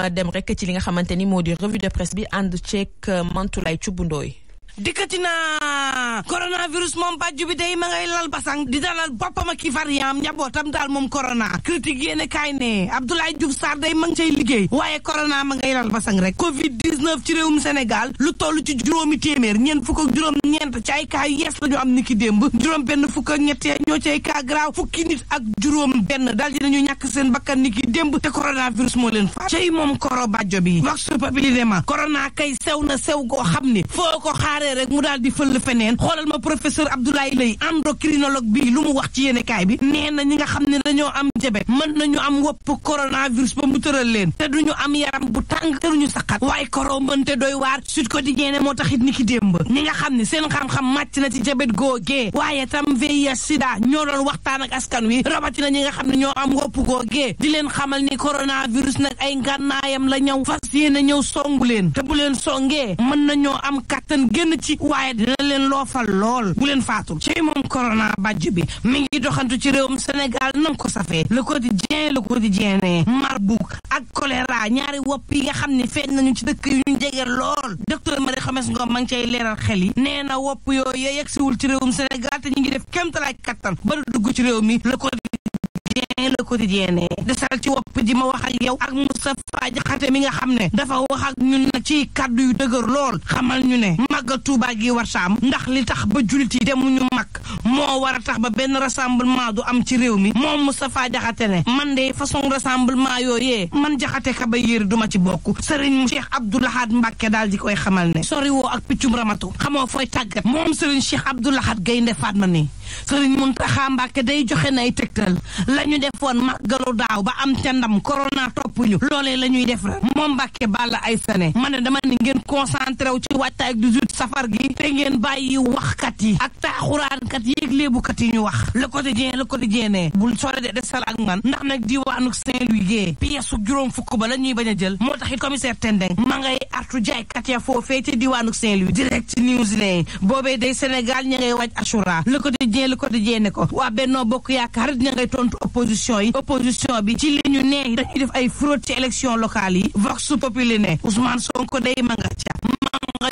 ma dem rek ci li nga xamante ni moo di revue de presse bi ànd ceeg Mantoulaye Thioub Ndoye dikkati naa coronavirus moom bàjju bi day ma ngay lal basang di dalal boppam ak i variant njabootam daal moom corona critique yéene kaay ne Abdoulaye Diouf Sarr day ma ngi liggéey waaye corona ma ngay lal basang rek covid 19 ci réewum Sénégal lu toll ci juróom juróomi téeméer ñeen fukk ak juróom ñeent ci ay cas yees la ñu am ni ki juróom benn fukk ak ñettee ñoo ci ay cas grave fukki nit ak juróom benn dal daal dinañu ñàkk seen bakkan ni ki démb te coronavirus moo leen faat cay moom koro bàjjo bi vox populi ne ma kay sew na sew koo xam ne jëlee rek mu daal di fël feneen xoolal ma professeur Abdoulaye Lay endocrinologue bi lu mu wax ci yéene kaay bi nee ñi nga xam ne dañoo am jabet mën nañu am wopp coronavirus ba mu tëral leen te duñu am yaram bu tàng te duñu saxat waaye ni ki ñi nga xam ne seen xam-xam màcc na ci jabet am wopp googee di leen xamal ni coronavirus nag ay ngànnaayam la ñëw fas yéene ñëw songu leen te bu leen songee mën nañoo am kàttan gën génn ci waaye dina leen loofal lool bu leen faatul ci moom corona bàjj bi mi ngi doxantu ci réewum Sénégal nan ko safee le quotidien le quotidien ne Marburg ak choléra ñaari wopp yi nga xam ne feeñ nañu ci dëkk yu ñu jege lool docteur Marie Xames Ngom ma ngi cay leeral xel yi nee na wopp yooyu yegsiwul ci réewum Sénégal te ñu ngi def kéemtalaay kattan ba dugg ci réew mi le le quotidien ne desal ci wopp ji ma wax ak yow ak Moustapha Diakhaté mi nga xam ne dafa wax ak ñun nag ci kàddu yu dëgër lool xamal ñu ne màgga Tuubaa gi war saam ndax li tax ba jullit yi demuñu mag moo war a tax ba benn rassemblement du am ci réew mi moom Moustapha Diakhaté ne man de façon rassemblement yooyee man Diakhaté ba Yéeri duma ci bokk sëriñ Cheikh Abdou Lahad Mbacke daal di koy xamal ne woo ak piccum ramatu xamoo fooy tàggat moom sëriñ Cheikh Abdou Lahad Gaynde Fatma nii sëriñ Muntaxa Mbàkke day joxe nay tegtal la ñu defoon màggalu daaw ba am ca ndam korona topp ñu loolee la ñuy def rek moom Mbàkke Balla ay sane ma ne dama ni ngeen concentré wu ci wàccaay du jut safar gi te ngeen bàyyi waxkat yi ak taaxuraankat yéeg léebukat yi ñu wax le quotidien le quotidien ne bul sore de desal ak man ndax nag diwaanu Saint-Louis gée piyeesu juróom fukk ba la ñuy bañ a jël moo taxit commissaire Tendeng ma ngay artu jaaykat ya foofee ca diwaanu Saint-Louis direct news ne boobee quotidien ko quotidien ne ko waa bennoo bokk yaakaar dina ngay tontu opposition yi opposition bi ci li ñu nee dañuy def ay fraude ci élection locale yi vox populi ne Ousmane Sonko day ma nga ma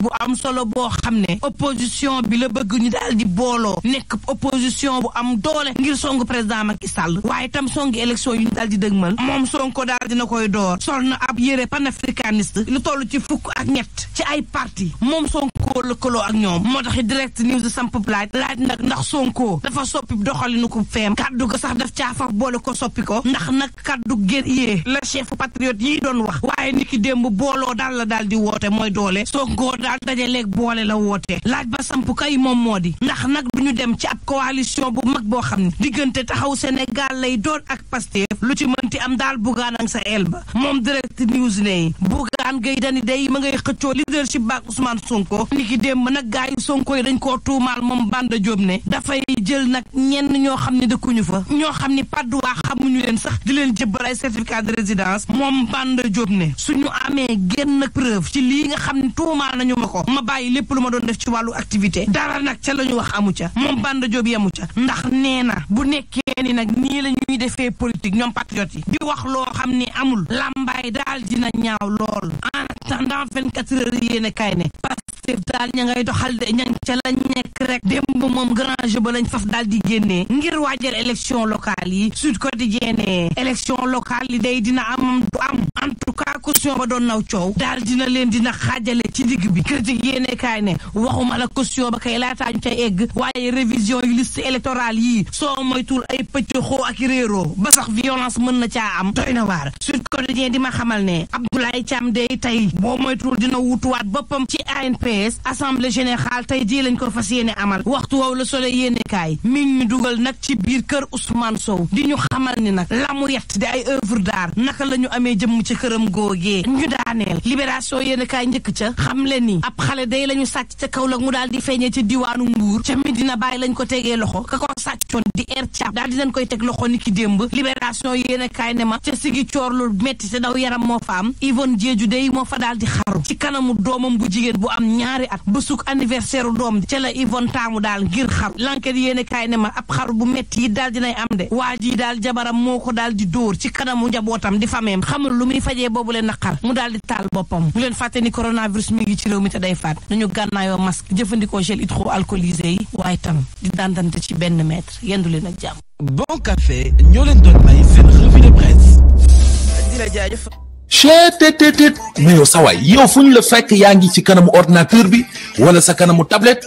bu am solo boo xam ne opposition bi la bëgg ñu daal booloo nekk opposition bu am doole ngir song président Macky Sall waaye tam songi élection yu di dëgmal moom Sonko daal dina koy door sol na ab yére panafricaniste lu toll ci fukk ak ñett ci ay parti moom Sonko lëkkaloo ak ñoom moo tax direct news samp laaj laaj nag ndax Sonko dafa soppi doxalinu ko feem kaddu ga sax daf caafaf boole ko soppi ko ndax nag kaddu guerrier la chef patriote yi doon wax waaye niki démb booloo daal la daal di woote mooy doole soo góor daal dajaleeg boole la woote laaj ba samp kay moom moo di ndax nag duñu dem ci ab coalition bu mag boo xam ne diggante taxaw Sénégal lay doon ak Pastef lu ci mënti am daal bugaan ak sa el ba moom direct news ne Bougane Gueye Dany day ma ngay xëccoo leadership ba ak Sonko ni ki démb nag gaayu Sonko yi dañ koo tuumaal moom Banda Diop ne dafay jël nag ñenn ñoo xam ne dëkkuñu fa ñoo xam ni padduwaa xamuñu leen sax di leen jëbbal ay certificat de résidence moom Banda Diop ne su ñu amee génn preuve ci lii nga xam ne tuumaal nañu ma ko ma bàyyi lépp lu ma doon def ci wàllu activité dara nag ca la ñu wax amu ca moom Banda Diop yamu ca ndax nee na bu nekkee ni nag nii la ñuy defee politique ñoom patriote yi di wax loo xam ni amul làmbaay daal dina ñaaw lool en attendant 24 heures yéen a kaay ne Pastef daal ña ngay doxal de ña ca la nekk rek démb moom grand jeu ba lañ faf daal di génnee ngir waajal élection locale yi Sud Quotidien ne élection locale yi day dina am du am caution ba doon naw coow daal dina leen dina xaajale ci digg bi critique yéene kaay ne waxuma la caution ba kay laataa ñu ca egg waaye révision yu liste électorale yi soo moytul ay pëcc xoo ak réeroo ba sax violence mën na caa am doy na waar Sud di ma xamal ne Abdoulaye Thiam day tey boo moytul dina wutuwaat boppam ci ANPS assemblée générale tey jii lañ ko fas yéene amal waxtu woow la Soleil yéene kaay mi ñu dugal nag ci biir kër Ousmane Sow di ñu xamal ni nag la mu yett di ay œuvre d'art naka la ñu amee jëmm ci këram googi liggéey daaneel libération yéen njëkk ca xam le ni ab xale day la ñu sàcc ca Kaolack mu daal di feeñee ca diwaanu Mbuur ca Medina bàyyi lañ ko tegee loxo ka ko sàccoon di air Thiam daal di leen koy teg loxo ni ki démb libération yéen kaay ne ma ca sigi coor lu metti te daw yaram moo fa am Yvonne Diédiou day moo fa daal di xaru ci kanamu doomam bu jigéen bu am ñaari at bésug anniversaire doom ca la Yvonne taamu daal ngir xaru l'enquête yéen kaay ne ma ab xaru bu metti yi daal dinay am de waa ji daal jabaram moo daal di dóor ci kanamu njabootam di fameem xamul lu muy fajee boobu le naqar mu daal di taal boppam bu leen fàtte ni coronavirus mi ngi ci réew mi te day faat nañu gànnaayoo masque jëfandikoo gel hydroalcoolisé yi waaye tam di dandante ci benn mètre yendu leen ak jàmm. bon café ñoo leen doon may seen revue de presse. di la jaajëf. cheet tet yow sa yow fu ñu la fekk yaa ngi ci kanamu ordinateur bi wala sa kanamu tablette.